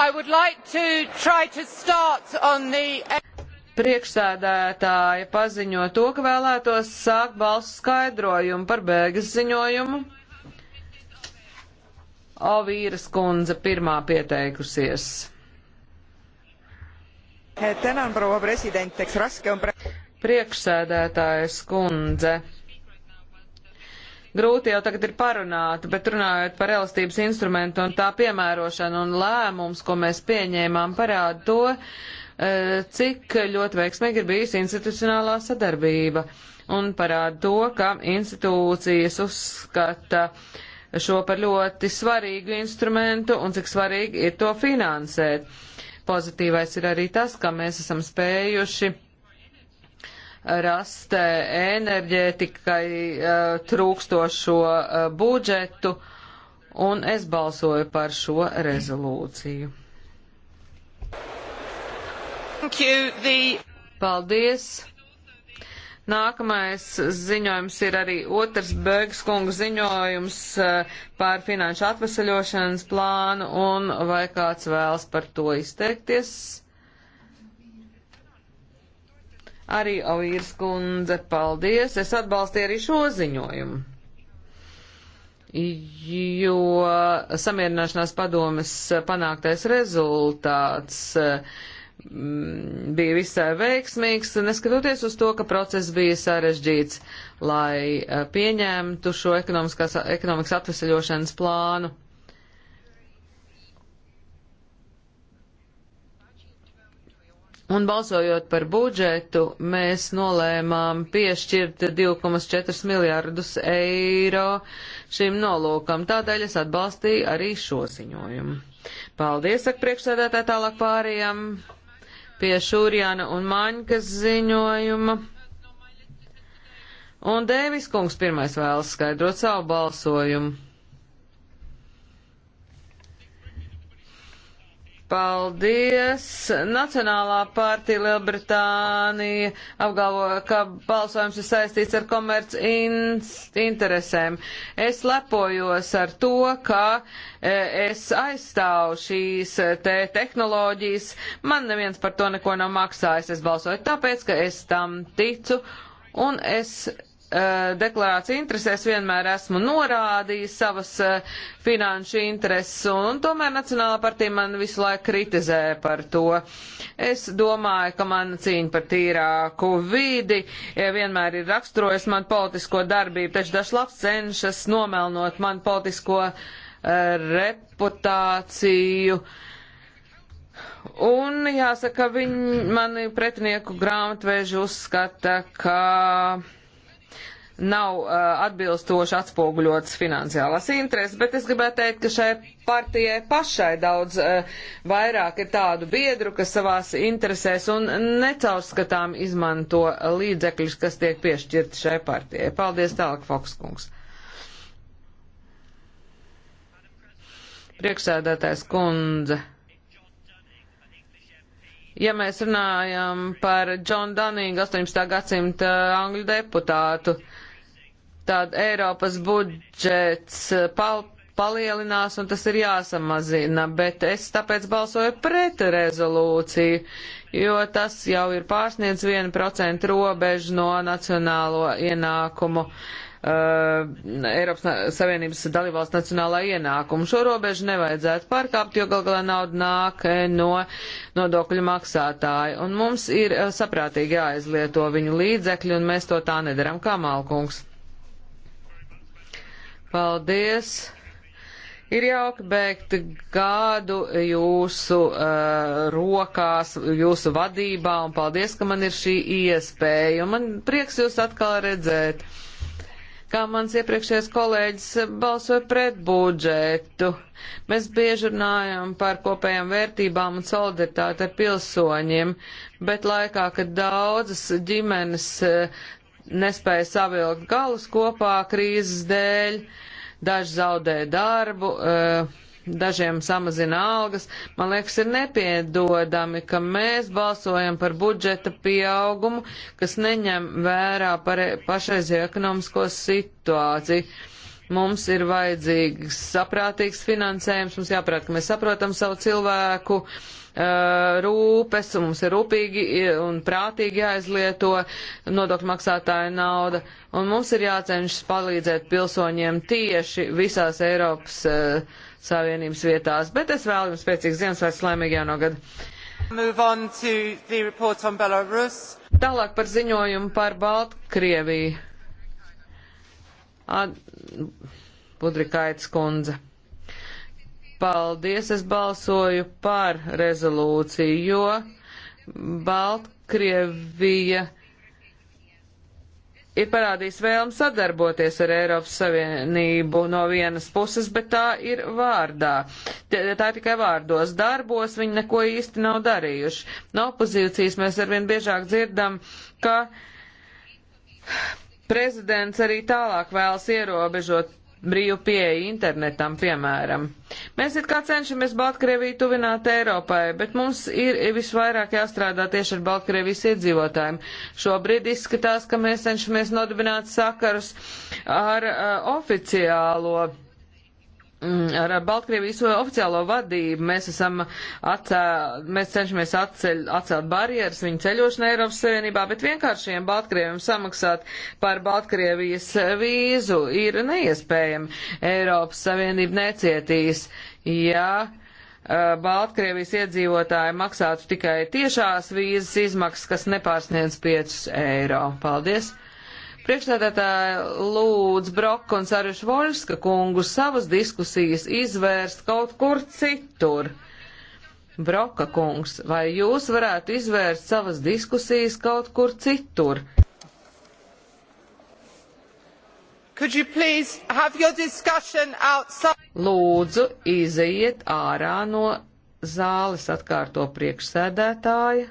Like to to the... Priekšsēdētāja paziņo to, ka vēlētos sākt balsu skaidrojumu par bēgas ziņojumu. Ovīras kundze pirmā pieteikusies. Tenan, proua president, eks raske on pra... Priekšsēdētājas kundze grūti jau tagad ir parunāt, bet runājot par elastības instrumentu un tā piemērošanu un lēmums, ko mēs pieņēmām, parāda to, e, cik ļoti veiksmīgi ir bijusi institucionālā sadarbība un parāda to, ka institūcijas uzskata šo par ļoti svarīgu instrumentu un cik svarīgi ir to finansēt. Pozitīvais ir arī tas, ka mēs esam spējuši rast eh, enerģētikai eh, trūkstošo eh, budžetu, un es balsoju par šo rezolūciju. Paldies! Nākamais ziņojums ir arī otrs Bergs kunga ziņojums par finanšu atvesaļošanas plānu un vai kāds vēlas par to izteikties? Arī Ovīrs kundze, paldies, es atbalstīju arī šo ziņojumu. Jo samierināšanās padomas panāktais rezultāts mm, bija visai veiksmīgs, neskatoties uz to, ka process bija sarežģīts, lai eh, pieņemtu šo ekonomikas atvesaļošanas plānu. Un balsojot par budžetu, mēs nolēmām piešķirt 2,4 miljārdus eiro šim nolūkam. Tādēļ es atbalstīju arī šo ziņojumu. Paldies, saka priekšsēdētāji, tālāk pārējām pie Šūrjana un Maņkas ziņojuma. Un Dēvis kungs pirmais vēlas skaidrot savu balsojumu. Paldies! Nacionālā partija Lielbritānija apgalvo, ka balsojums ir saistīts ar komerc interesēm. Es lepojos ar to, ka e, es aizstāvu šīs te tehnoloģijas. Man neviens par to neko nav maksājis. Es balsoju tāpēc, ka es tam ticu un es Eh, deklarāciju interesēs vienmēr esmu norādījis savas eh, finanšu intereses, un tomēr Nacionālā partija man visu laiku kritizē par to. Es domāju, ka mana cīņa par tīrāku vidi ja eh, vienmēr ir raksturojusi man politisko darbību, taču dažlāk cenšas nomelnot man politisko uh, reputāciju. Un jāsaka, viņi mani pretinieku grāmatveži uzskata, ka nav uh, atbilstoši atspoguļotas finansiālās intereses, bet es gribētu teikt, ka šai partijai pašai daudz uh, vairāk ir tādu biedru, kas savās interesēs un necaurskatām izmanto līdzekļus, kas tiek piešķirti šai partijai. Paldies tālāk, Fokskungs. Priekšsēdētājs kundze. Ja mēs runājam par John Dunningu, 18. gadsimta angļu deputātu, uh, Tad Eiropas budžets eh, pal palielinās un tas ir jāsamazina, bet es tāpēc balsoju pret rezolūciju, jo tas jau ir pārsniedz 1% robežu no nacionālo ienākumu. Uh, Eiropas Savienības dalībvalsts nacionālā ienākuma. Šo robežu nevajadzētu pārkāpt, jo gal galā nauda nāk eh, no nodokļu maksātāja. Un mums ir saprātīgi jāizlieto viņu līdzekļi, un mēs to tā nedaram, kā Malkungs. Paldies! Ir jauki beigt gādu jūsu uh, rokās, jūsu vadībā, un paldies, ka man ir šī iespēja, un man prieks jūs atkal redzēt. Kā mans iepriekšējais kolēģis balsoja pret budžetu, mēs bieži runājam par kopējām vērtībām un solidaritāti ar pilsoņiem, bet laikā, kad daudzas ģimenes uh, nespēja savilkt galus kopā krīzes dēļ, daži zaudē darbu, eh, dažiem samazina algas. Man liekas, ir nepiedodami, ka mēs balsojam par budžeta pieaugumu, kas neņem vērā pašreizie ekonomisko situāciju. Mums ir vajadzīgs saprātīgs finansējums, mums jāprāt, ka mēs saprotam savu cilvēku uh, Eh, rūpes, un mums ir rūpīgi eh, un prātīgi jāizlieto nodokļu maksātāja nauda, un mums ir jācenšas palīdzēt pilsoņiem tieši visās Eiropas uh, Savienības vietās. Bet es vēlu jums spēcīgs Ziemassvētku laimīgu jauno gadu. Tālāk par ziņojumu par Baltkrieviju. Ad... Budrikaits kundze. Paldies, es balsoju par rezolūciju, jo Baltkrievija ir parādījis vēlmu sadarboties ar Eiropas Savienību no vienas puses, bet tā ir vārdā. Tā ir tikai vārdos. Darbos viņi neko īsti nav darījuši. No opozīcijas mēs arvien biežāk dzirdam, ka prezidents arī tālāk vēlas ierobežot brīvu pieeju internetam, piemēram. Mēs it kā cenšamies Baltkrieviju tuvināt Eiropai, bet mums ir visvairāk jāstrādā tieši ar Baltkrievijas iedzīvotājiem. Šobrīd izskatās, ka mēs cenšamies nodibināt sakarus ar uh, oficiālo uh, Mm, ar Baltkrievijas oficiālo vadību. Mēs, esam atcē, mēs cenšamies atceļ, atcelt barjeras viņu ceļošanai Eiropas Savienībā, bet vienkāršiem Baltkrieviem samaksāt par Baltkrievijas vīzu ir neiespējami. Eiropas Savienība necietīs, ja Baltkrievijas iedzīvotāji maksātu tikai tiešās vīzas izmaksas, kas nepārsniedz 5 eiro. Paldies! Priekšstādātāja lūdz Broku un Sarišu Voļska kungu savas diskusijas izvērst kaut kur citur. Broka kungs, vai jūs varētu izvērst savas diskusijas kaut kur citur? Lūdzu, izejiet ārā no zāles, atkārto priekšsēdētāja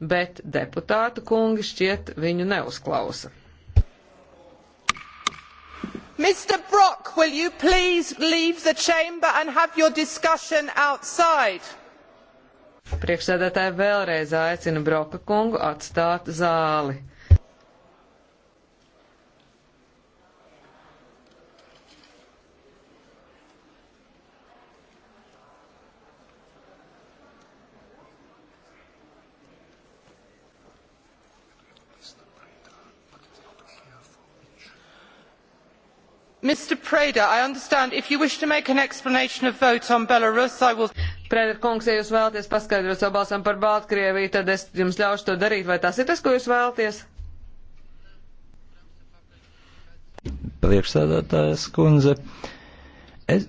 bet deputātu kungi šķiet viņu neuzklausa. Mr. Brock, will you please leave the chamber and have your discussion outside? Priekšsēdētāji vēlreiz aicina Broka kungu atstāt zāli. mr preda i understand if you wish to make an explanation of vote on belarus i will. preda kungs ja jūs vēlaties paskaidrot savu balsojumu par baltkrieviju tad es jums ļaušu to darīt vai tas ir tas ko jūs vēlaties? priekšsēdētājas kundze. Es,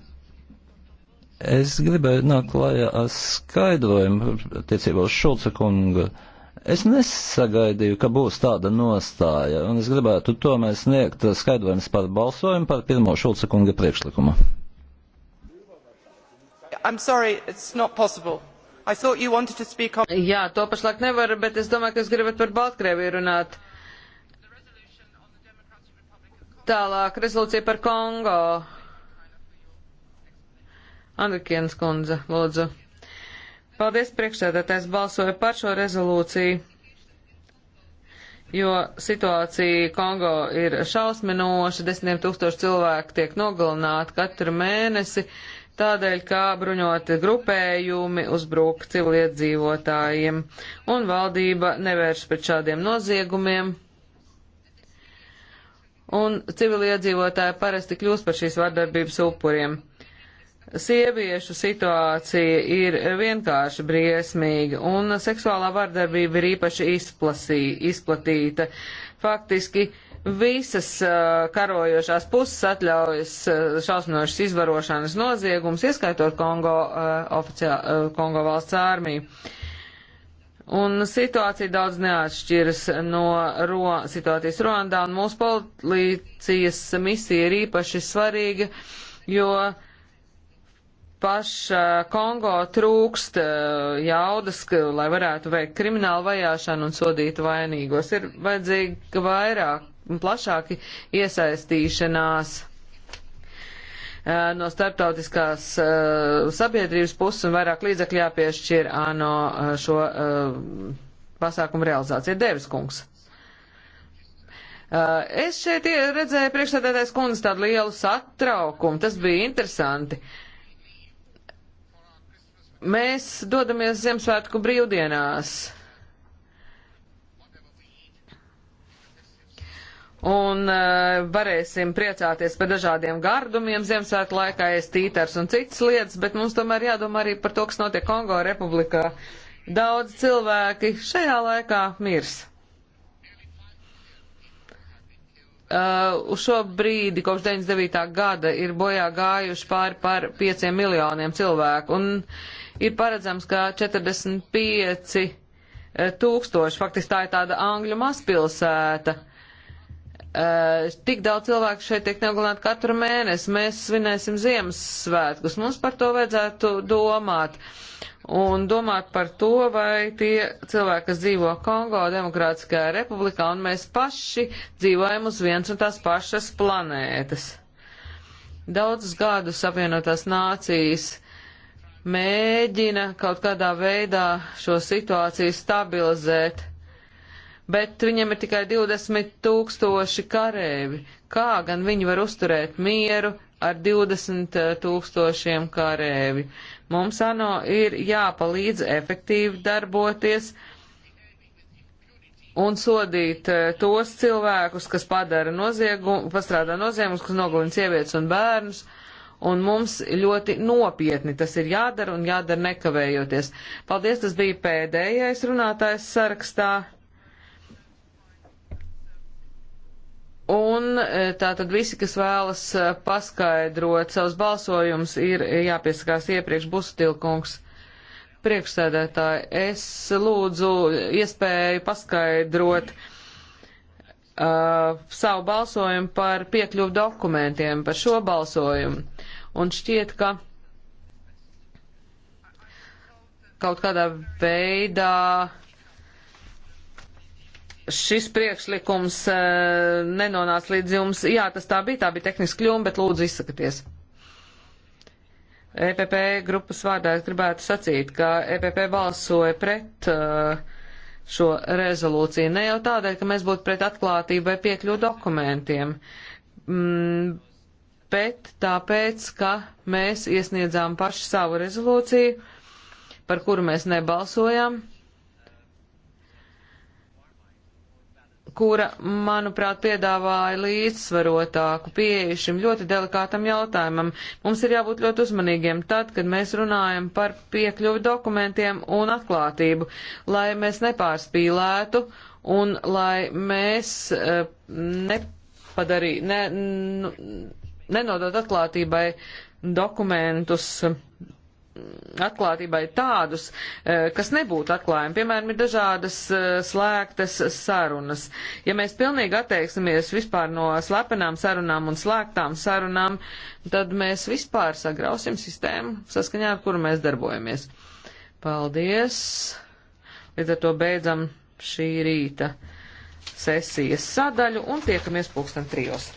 es gribēju nākt klājā ar skaidrojumu attiecībā uz Šulca kunga uh, Es nesagaidīju, ka būs tāda nostāja, un es gribētu tomēr sniegt skaidrojumus par balsojumu par pirmo Šulca kunga priekšlikumu. Sorry, on... Jā, to pašlaik nevaru, bet es domāju, ka jūs gribat par Baltkrieviju runāt. Tālāk, rezolūcija par Kongo. Andrikienas kundze, lūdzu. Paldies priekšsēdētājs balsoja par šo rezolūciju, jo situācija Kongo ir šausminoša, desmitiem tūkstoši cilvēku tiek nogalināti katru mēnesi, tādēļ, kā bruņoti grupējumi uzbrūk civiliedzīvotājiem, un valdība nevērš pret šādiem noziegumiem un civiliedzīvotāji parasti kļūst par šīs vardarbības upuriem. Sieviešu situācija ir vienkārši briesmīga, un seksuālā vardarbība ir īpaši izplasī, izplatīta. Faktiski visas uh, karojošās puses atļaujas uh, šausminošas izvarošanas noziegums, ieskaitot Kongo, uh, oficiā, uh, Kongo valsts armiju. Un situācija daudz neatšķiras no ro, situācijas Ruandā, un mūsu policijas misija ir īpaši svarīga, jo uh, paša Kongo trūkst eh, jaudas, lai varētu veikt kriminālu vajāšanu un sodīt vainīgos. Ir vajadzīga vairāk, plašāki iesaistīšanās eh, no starptautiskās eh, sabiedrības puses un vairāk līdzekļu jāpiešķir ANO šo pasākumu realizācija. Devis kungs. Es šeit redzēju priekšsēdētājs kundze tādu lielu satraukumu, tas bija interesanti. Uh, Mēs dodamies Ziemassvētku brīvdienās. Un uh, varēsim priecāties par dažādiem gardumiem Ziemassvētku laikā, es tītars un citas lietas, bet mums tomēr jādomā arī par to, kas notiek Kongo republikā. Daudz cilvēki šajā laikā mirs. Uh, uz šo brīdi, kopš 99. gada, ir bojā gājuši pāri par 5 miljoniem cilvēku. Un ir paredzams, ka 45 eh, tūkstoši, faktiski tā ir tāda Angļu mazpilsēta, eh, tik daudz cilvēku šeit tiek nogalināti katru mēnesi. Mēs svinēsim Ziemassvētkus. Mums par to vajadzētu domāt. Un domāt par to, vai tie cilvēki, kas dzīvo Kongo Demokrātiskajā republikā, un mēs paši dzīvojam uz viens un tās pašas planētas. Daudzus gadus apvienotās nācijas mēģina kaut kādā veidā šo situāciju stabilizēt, bet viņam ir tikai 20 tūkstoši karēvi. Kā gan viņi var uzturēt mieru ar 20 eh, tūkstošiem karēvi? Mums ANO ir jāpalīdz efektīvi darboties un sodīt eh, tos cilvēkus, kas padara noziegumu, pastrādā noziegumus, kas nogalina sievietes un bērnus, uh, un mums ļoti nopietni tas ir jādara un jādara nekavējoties. Paldies, tas bija pēdējais runātājs sarakstā. Un e, tātad visi, kas vēlas e, paskaidrot savus balsojumus, ir jāpiesakās iepriekš Busutilkungs. Priekšsēdētāji, es lūdzu iespēju paskaidrot uh, savu balsojumu par piekļuvu dokumentiem, par šo balsojumu. Un šķiet, ka kaut kādā veidā šis priekšlikums uh, nenonāca līdz jums. Jā, tas tā bija, tā bija tehniski kļūme, bet lūdzu izsakaties. EPP grupas vārdā es gribētu sacīt, ka EPP balsoja pret uh, šo rezolūciju. Ne jau tādēļ, ka mēs būtu pret atklātību vai piekļu dokumentiem, mm, bet tāpēc, ka mēs iesniedzām paši savu rezolūciju, par kuru mēs nebalsojām, kura, manuprāt, piedāvāja līdzsvarotāku pieeju šim ļoti delikātam jautājumam. Mums ir jābūt ļoti uzmanīgiem tad, kad mēs runājam par piekļuvi dokumentiem un atklātību, lai mēs nepārspīlētu un lai mēs eh, nepadarī, ne, nu, nenodot atklātībai dokumentus atklātībai tādus, eh, kas nebūtu atklājumi. Piemēram, ir dažādas eh, slēgtas sarunas. Ja mēs pilnīgi atteiksimies vispār no slepenām sarunām un slēgtām sarunām, tad mēs vispār sagrausim sistēmu, saskaņā ar kuru mēs darbojamies. Paldies! Līdz ar to beidzam šī rīta sesijas sadaļu un tiekamies pulksten trijos.